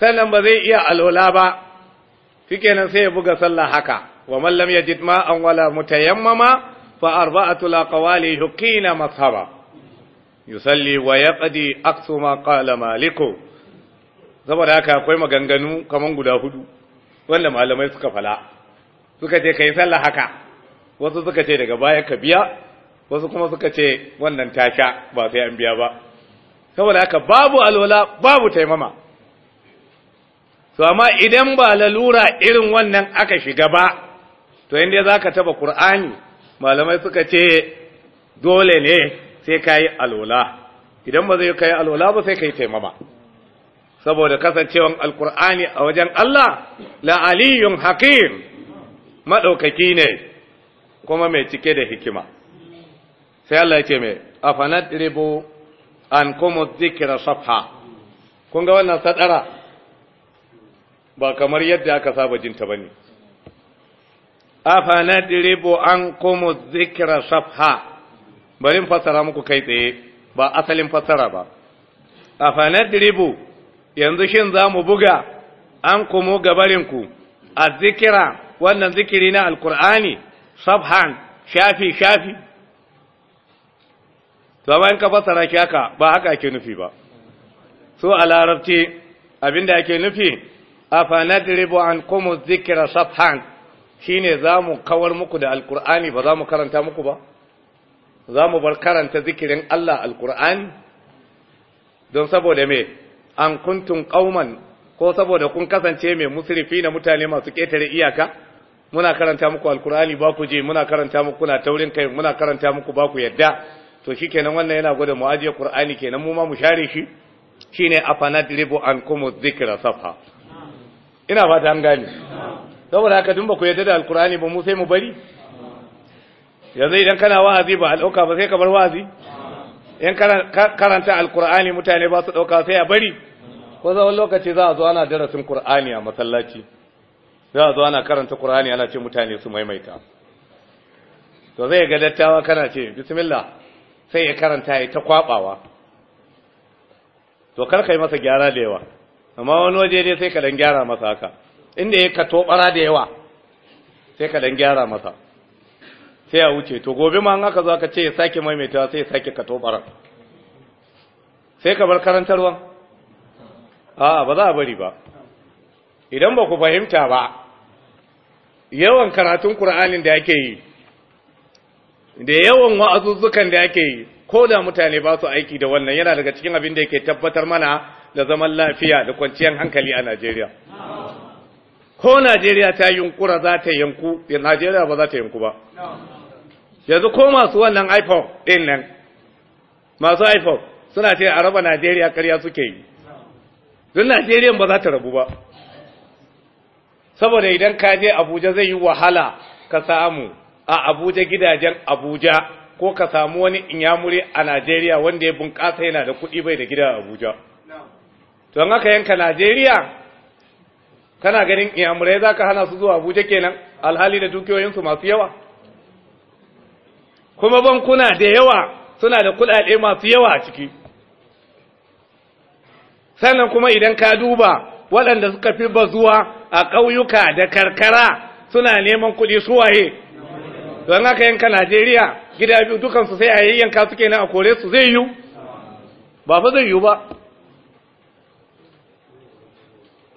sannan ba zai iya alola ba nan sai ya buga sallah haka wa mallam ya jitma an wala mutayammama فأربعة الأقوال يقين مذهبا يصلي ويقضي أقصى ما قال مالك saboda haka akwai maganganu kaman guda hudu wanda malamai suka fala suka ce kai sallah haka wasu suka ce daga baya ka biya wasu kuma suka ce wannan ta sha ba sai an biya ba saboda haka babu alwala babu taimama su amma idan ba lalura irin wannan aka shiga ba to inda za ka taba ƙur'ani malamai suka ce dole ne sai ka yi alola idan ba zai ka yi alola ba sai ka yi taimama saboda kasancewan alkur'ani a wajen Allah la'aliyun hakim maɗaukaki ne kuma mai cike da hikima sai Allah ce mai afanat ribu an kuma zikira safha kun ga wannan sadara ba kamar yadda aka saba jinta ba afanadribu ankum adh-dhikra safha bari fasara muku kai tsaye ba asalin fasara ba afanadribu yanzu shin mu buga an gabarin ku azikira zikira wannan zikiri na alkur'ani safhan shafi shafi zama in ka fassara shi haka ba haka ake nufi ba so a larabci abinda ake nufi afanadribu an adh zikira safhan shine za mu kawar muku da alkur'ani ba za mu karanta muku ba za mu bar karanta zikirin Allah alkur'ani don saboda me an kuntun qauman ko saboda kun kasance mai musrifi na mutane masu ƙetare iyaka muna karanta muku alkur'ani ba ku je muna karanta muku na taurin kai muna karanta muku ba ku yadda to shikenan wannan yana gwada mu ajiye qur'ani kenan mu ma mu share shi shine afanadribu ankum dhikra safa ina fata an gani. saboda haka tun ba ku yarda da alkur'ani ba mu sai mu bari yanzu idan kana wa'azi ba al'auka ba sai ka bar wa'azi Yan karanta alkur'ani mutane ba su ɗauka sai a bari ko zaman lokaci za a zo ana darasin kur'ani a masallaci za a zo ana karanta kur'ani ana ce mutane su maimaita to zai ga dattawa kana ce bismillah sai ya karanta ya ta kwabawa to kar yi masa gyara da yawa amma wani waje ne sai ka dan gyara masa haka inda ya kato bara da yawa sai ka dan gyara masa sai ya wuce to gobe ma an aka zo ka ce ya sake maimaitawa sai ya sake kato bara sai ka bar karantarwa a ba za a bari ba idan ba ku fahimta ba yawan karatun Kur'anin da ake yi da yawan wa'azuzzukan da ake yi ko da mutane ba su aiki da wannan yana daga cikin abin da yake tabbatar mana da zaman lafiya da kwanciyar hankali a Najeriya. ko najeriya ta yunkura za ta yanku najeriya ba za ta yanku ba yanzu ko masu wannan iphone ɗin nan masu iphone suna ce a raba najeriya karya suke yi don najeriya ba za ta rabu ba saboda idan ka je abuja zai yi wahala ka samu a abuja gidajen abuja ko ka samu wani inyamuri a najeriya wanda ya bunƙasa yana da kuɗi bai da gida a abuja don haka yanka najeriya kana ganin iyamurai za ka hana su zuwa abuja kenan alhali da dukiyoyinsu masu yawa kuma bankuna da yawa suna da kudade masu yawa a ciki sannan kuma idan ka duba waɗanda suka fi bazuwa a ƙauyuka da karkara suna neman kuɗi suwaye don haka yanka najeriya gida biyu dukansu sai a yayyanka suke na a kore su zai yiwu ba fa zai yiwu ba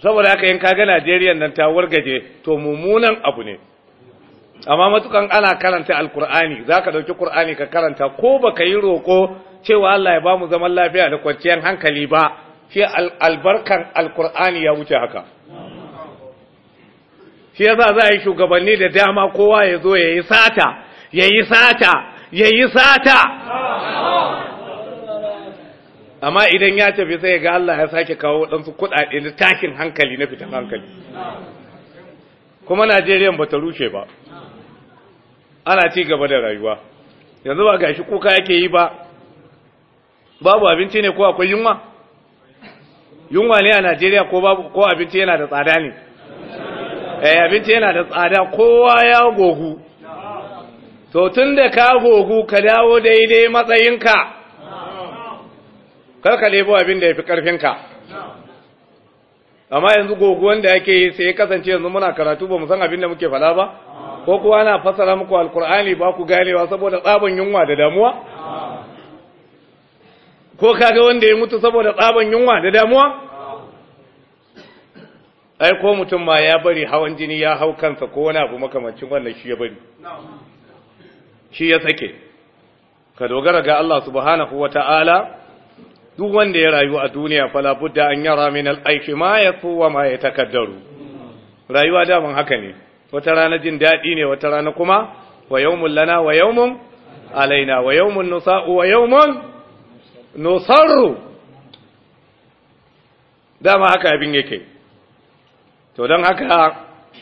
saboda haka yanka kaga Najeriya nan ta wargaje to mummunan abu ne amma matukan ana karanta alkur'ani zaka dauki qur'ani ka karanta ko baka yi roko cewa Allah ya bamu zaman lafiya da kwanciyar hankali ba shi albarkan alkur'ani ya wuce haka shi yasa za a yi shugabanni da dama kowa ya zo ya yi sata ya yi sata ya yi sata amma idan ya tafi sai ga Allah ya sake kawo waɗansu kuɗaɗe na takin hankali na fitan hankali kuma Najeriya ba ta rushe ba ana ci gaba da rayuwa yanzu ba gashi kuka yake yi ba babu abinci ne ko akwai yunwa yunwa ne a Najeriya ko babu ko abinci yana da tsada ne eh abinci yana da tsada kowa ya gogu to tunda ka gogu ka dawo daidai matsayinka kar ka lebo abin da ya fi ƙarfinka amma yanzu goguwan da yake yi sai ya kasance yanzu muna karatu ba mu san abin da muke fala ba ko kuwa na fasara muku alkur'ani ba ku ganewa saboda tsabon yunwa da damuwa ko kaga wanda ya mutu saboda tsabon yunwa da damuwa ai ko mutum ma ya bari hawan jini ya hau kansa ko wani abu makamancin wannan shi ya bari shi ya sake ka dogara ga Allah subhanahu wata'ala duk wanda ya rayu a duniya fala budda an yara min al-aiki ma yafu wa ma ya yatakaddaru rayuwa daman haka ne wata rana jin daɗi ne wata rana kuma wa yawmun lana wa yawmun alaina wa yawmun nusa'u wa yawmun nusarru dama haka abin yake to don haka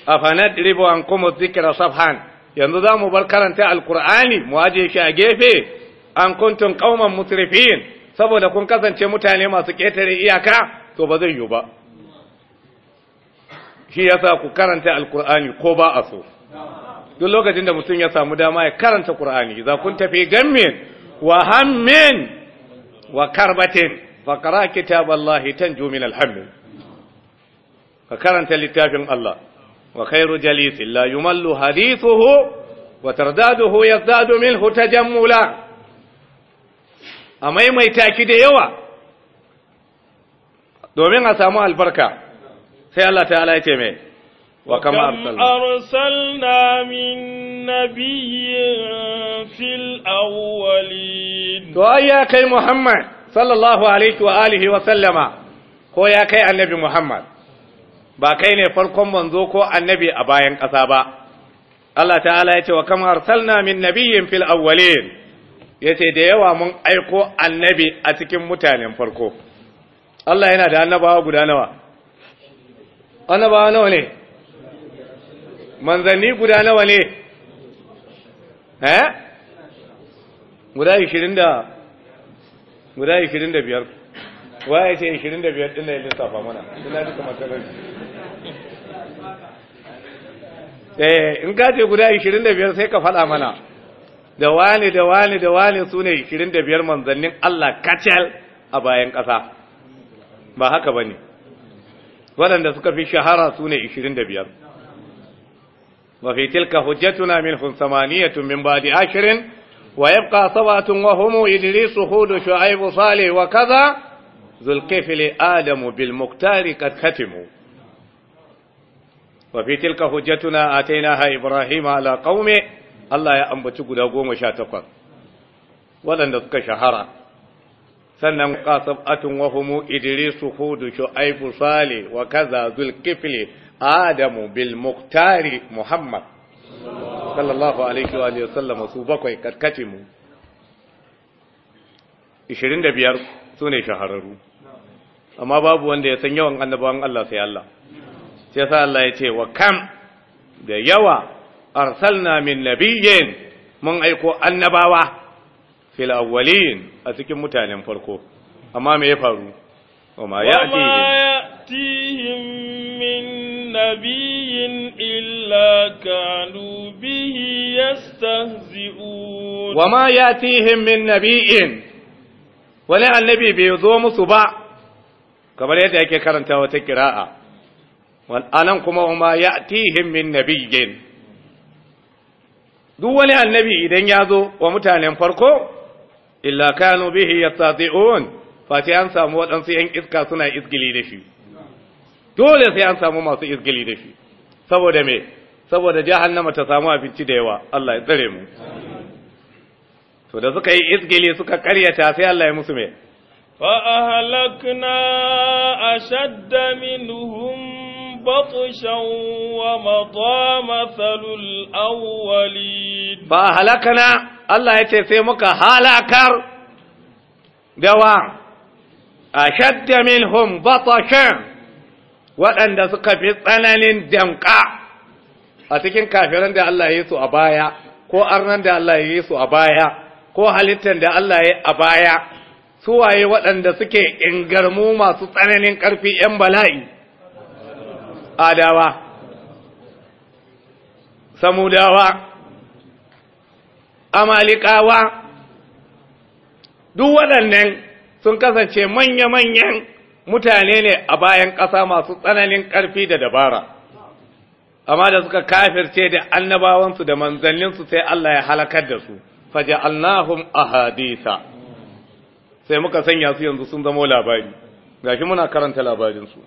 afanat ribu an kuma zikira safhan yanzu za mu bar karanta alkur'ani mu aje shi a gefe an kuntun qauman musrifin saboda kun kasance mutane masu ƙetare iyaka to ba zai yi ba shi yasa ku karanta alkur'ani ko ba a so duk lokacin da mutum ya samu dama ya karanta kur'ani za kun tafi ganmi, wa hammin wa karbatin fa qara kitaballahi tan min alhamm ka karanta littafin Allah wa khairu jalis la yumallu hadithuhu wa tardaduhu yazdadu minhu tajammula a maimaita ki da yawa domin a samu albarka sai Allah ta'ala ya ce mai wa kama arsalna min nabiyyin fil awwalin to ai ya kai Muhammad sallallahu alaihi wa alihi wa sallama ko ya kai annabi Muhammad ba kai ne farkon manzo ko annabi a bayan kasa ba Allah ta'ala ya ce wa kama arsalna min nabiyyin fil awwalin ya ce da yawa mun aiko annabi a cikin mutanen farko Allah yana da annabawa guda nawa annabawa nawa ne manzanni guda nawa ne eh guda 20 da guda 25 ya ce 25 din da ya lissafa mana ina duka matsalar eh in ka ce guda 25 sai ka faɗa mana da wani da wani da wani su ne 25 manzannin Allah kacal a bayan ƙasa ba haka ba ne waɗanda suka fi shahara su ne 25 mafi tilka hujjatuna min hunsamaniyatun min ba da ashirin wa yabqa sabatun wa humu idrisu hudu shu'aibu salih wa kaza zulkifili adamu bil muktari kad katimu a تلك حجتنا آتيناها kaume. Allah ya ambaci guda goma sha takwas waɗanda suka shahara sannan qasab'atun wa wahumu idrisu hudu shu'aibu salih wa kaza zulkifli adamu bil muktari muhammad sallallahu alaihi wa sallama su bakwai karkace mu 25 ne shahararru amma babu wanda ya san yawan annabawan Allah sai Allah sai sa Allah ya ce wa kam da yawa arsalna min nabiyyin mun aiko annabawa fil a cikin mutanen farko amma me ya faru amma ya atihim min nabiyyin wani annabi bai zo musu ba kamar yadda yake karanta wata kira'a anan kuma wama yatihim min nabiyyin duk wani annabi idan ya zo wa mutanen farko illa kanu bihi yastati'un fati an samu waɗansu yan iska suna isgili da shi dole sai an samu masu isgili da shi saboda me saboda jahannama ta samu abinci da yawa Allah ya tsare mu to da suka yi isgili suka karyata sai Allah ya musu me fa ahlakna ashadda minhum batushan wa mata matsalul awwali ba halakana Allah ya ce sai muka halakar dawa a shadda milhun batushan waɗanda suka fi tsananin damka a cikin kafiran da Allah ya su a baya ko arnan da Allah ya su a baya ko halittar da Allah ya a baya suwaye waɗanda suke ingarmu masu tsananin ƙarfi ‘yan bala’i’ adawa samudawa amalikawa duk waɗannan sun kasance manya-manyan mutane ne a bayan ƙasa masu tsananin ƙarfi da dabara amma da suka kafirce da annabawansu da manzanninsu sai Allah ya halakar da su faja'alnahum ahadisa sai muka sanya su yanzu sun zama labari gashi muna karanta labarinsu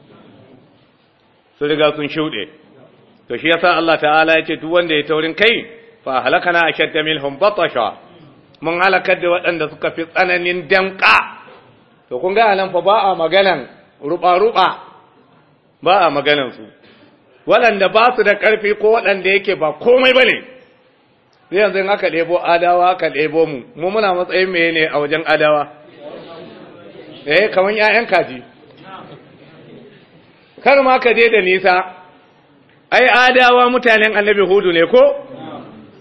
sun riga sun shuɗe to shi yasa Allah ta'ala ya ce duk wanda ya taurin kai fa halakana ashadda minhum batasha mun halakar da waɗanda suka fi tsananin danka to kun ga anan fa ba a maganan ruba-ruba ba a maganan su waɗanda ba su da ƙarfi ko waɗanda yake ba komai bane sai yanzu aka ɗebo adawa aka ɗebo mu mu muna matsayin meye ne a wajen adawa eh kamar 'ya'yan kaji kar ma ka je da nisa ai adawa mutanen annabi hudu ne ko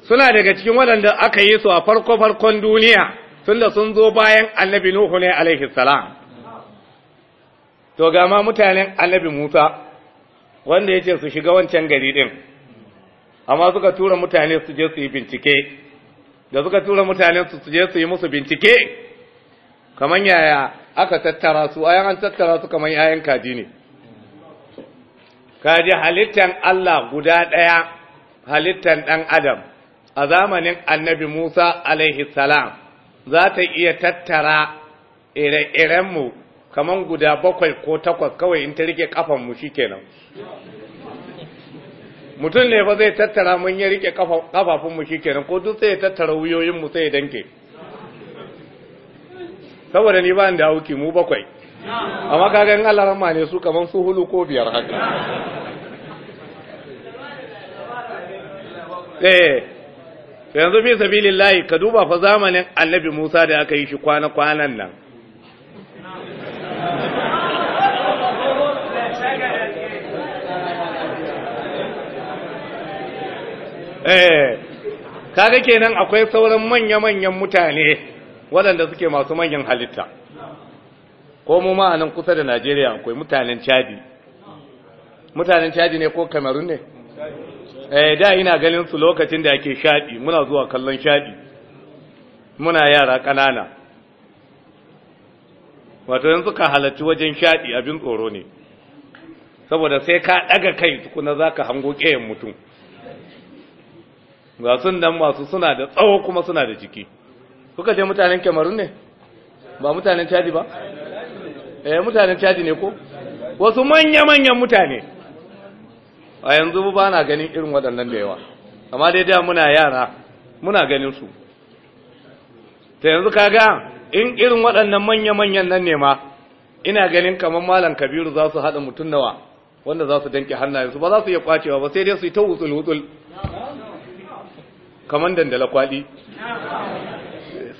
suna daga cikin waɗanda aka yi su a farko farkon duniya tunda sun zo bayan annabi nuhu ne alaihi salam to ga ma mutanen annabi musa wanda ya ce su shiga wancan gari ɗin, amma suka tura mutane su je su yi bincike da suka tura mutane su je su yi musu bincike kamar yaya aka tattara su ayan an tattara su kamar yayan kaji ne kaji halittan Allah guda ɗaya halittan ɗan adam a zamanin annabi Musa alaihi salam za ta iya tattara ire-irenmu kaman guda bakwai ko takwas kawai in ta rike kafanmu shi kenan mutum ne fa zai tattara mun ya rike kafafunmu shi kenan ko duk sai ya tattara wuyoyinmu sai ya danke saboda ni ba da hauki mu bakwai amma kaga in Allah rahma ne su kaman su hulu ko biyar haka eh yanzu fi sabilillahi ka duba fa zamanin annabi Musa da aka yi shi kwana kwanan nan eh kaga kenan akwai sauran manya-manyan mutane waɗanda suke masu manyan halitta ko mu ma nan kusa da Najeriya akwai mutanen Chadi mutanen Chadi ne ko Cameroon ne eh da ina ganin su lokacin da ake shadi muna zuwa kallon shadi muna yara kanana wato yanzu ka halarci wajen shadi abin tsoro ne saboda sai ka daga kai tukuna zaka hango kiyayen mutum ga sun dan masu suna da tsawo kuma suna da jiki kuka je mutanen Cameroon ne ba mutanen Chadi ba eh mutanen caji ne ko wasu manya-manyan mutane a yanzu ba na ganin irin waɗannan da yawa amma dai da muna yara muna ganin su ta yanzu kaga in irin waɗannan manya-manyan nan ne ma ina ganin kamar malam kabiru za su haɗa mutum nawa wanda za su danke su ba za su iya kwacewa ba sai dai su yi ta wutsul-wutsul kamar dandala kwaɗi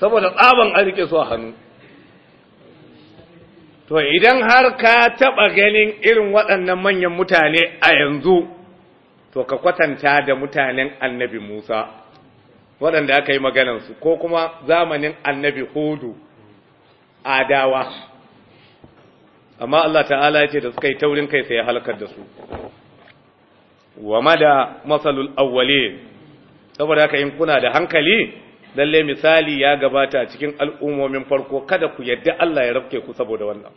saboda tsaban an rike su a hannu to idan har ka taɓa ganin irin waɗannan manyan mutane a yanzu to ka kwatanta da mutanen annabi musa waɗanda aka yi maganansu ko kuma zamanin annabi hudu adawa amma Allah ta'ala ce da suka yi taurin kai sai ya halakar da su wa mada masalul awwalin saboda haka in kuna da hankali lalle misali ya gabata a cikin al'ummomin farko kada ku yadda Allah ya rafke ku saboda wannan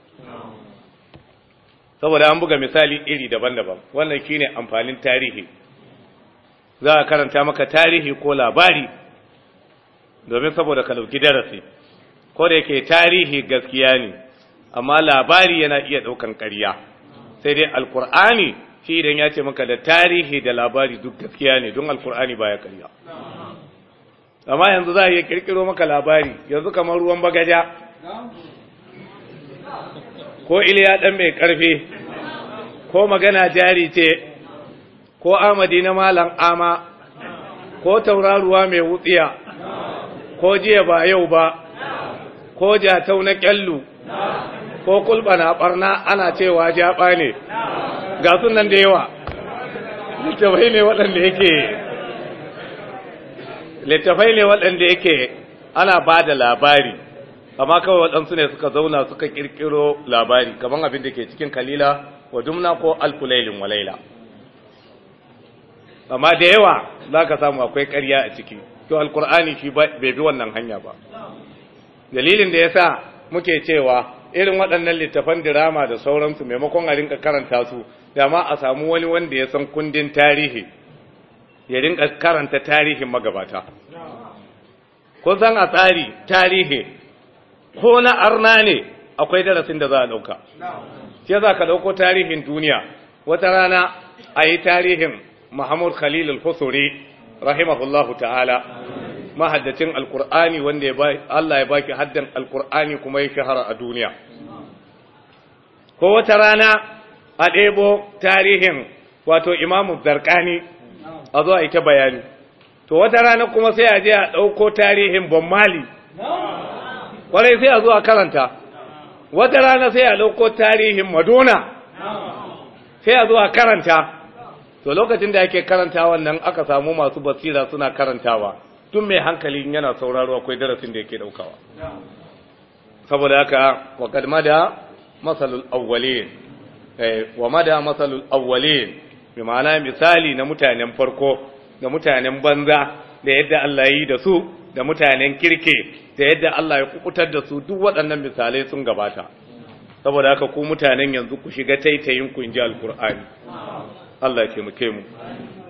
saboda an buga misali iri daban-daban wannan shine amfanin tarihi za a karanta maka tarihi ko labari domin saboda ka dauki darasi ko da yake tarihi gaskiya ne amma labari yana iya daukan ƙarya sai dai alkur'ani shi idan ya ce maka da tarihi da labari duk gaskiya ne don alkur'ani baya ƙarya amma yanzu za a iya kirkiro maka labari yanzu kamar ruwan bagaja ko iliya ɗan mai ƙarfi ko magana jari ce ko amadi na malam ama ko tauraruwa mai wutsiya ko jiya ba yau ba ko jatau na kyallu ko kulba na barna ana cewa jaɓa ne ga sunan da yawa littafai ne waɗanda yake littafai ne waɗanda yake ana ba da labari amma kawai waɗansu ne suka zauna suka ƙirƙiro labari kamar abin da ke cikin kalila wa dumna ko alkulailin walaila amma da yawa za ka samu akwai karya a ciki to alkur'ani shi bai bi wannan hanya ba dalilin da ya sa muke cewa irin waɗannan littafan dirama da sauransu maimakon a rinka karanta su da a samu wani wanda ya san kundin tarihi ya rinka karanta tarihin magabata kusan a tsari tarihi ko na arna ne akwai darasin da za a ɗauka sai za ka ɗauko tarihin duniya wata rana a yi tarihin mahamud khalil husuri rahimahullahu ta'ala mahaddacin alkur'ani wanda Allah ya baki haddan alkur'ani kuma ya shahara a duniya ko wata rana a ɗebo tarihin wato imamu zarkani a zo a yi ta bayani to wata rana kuma sai a je a ɗauko tarihin ban mali ƙwarai sai a zo a karanta wata rana sai a ɗauko tarihin madona sai a zo a karanta to lokacin da ake karanta wannan aka samu masu basira suna karantawa tun mai hankali yana sauraro akwai darasin da yake ɗaukawa saboda haka wa kadma da masalul awwalin eh, wa mada masalul awwalin bi ma'ana misali na mutanen farko da mutanen banza da yadda Allah yi da su da mutanen kirke da yadda Allah ya kukutar da su duk waɗannan misalai sun gabata saboda haka ku mutanen yanzu ku shiga taitayin ku inji alkur'ani Allah ya taimake mu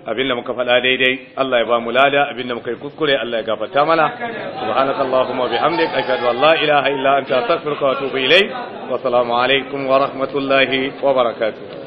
abin da muka faɗa daidai Allah ya ba mu lada abin da muka yi kuskure Allah ya gafarta mana subhanakallahumma bihamdik ashhadu an la ilaha illa anta astaghfiruka wa atubu ilayk wa assalamu alaikum wa rahmatullahi wa barakatuh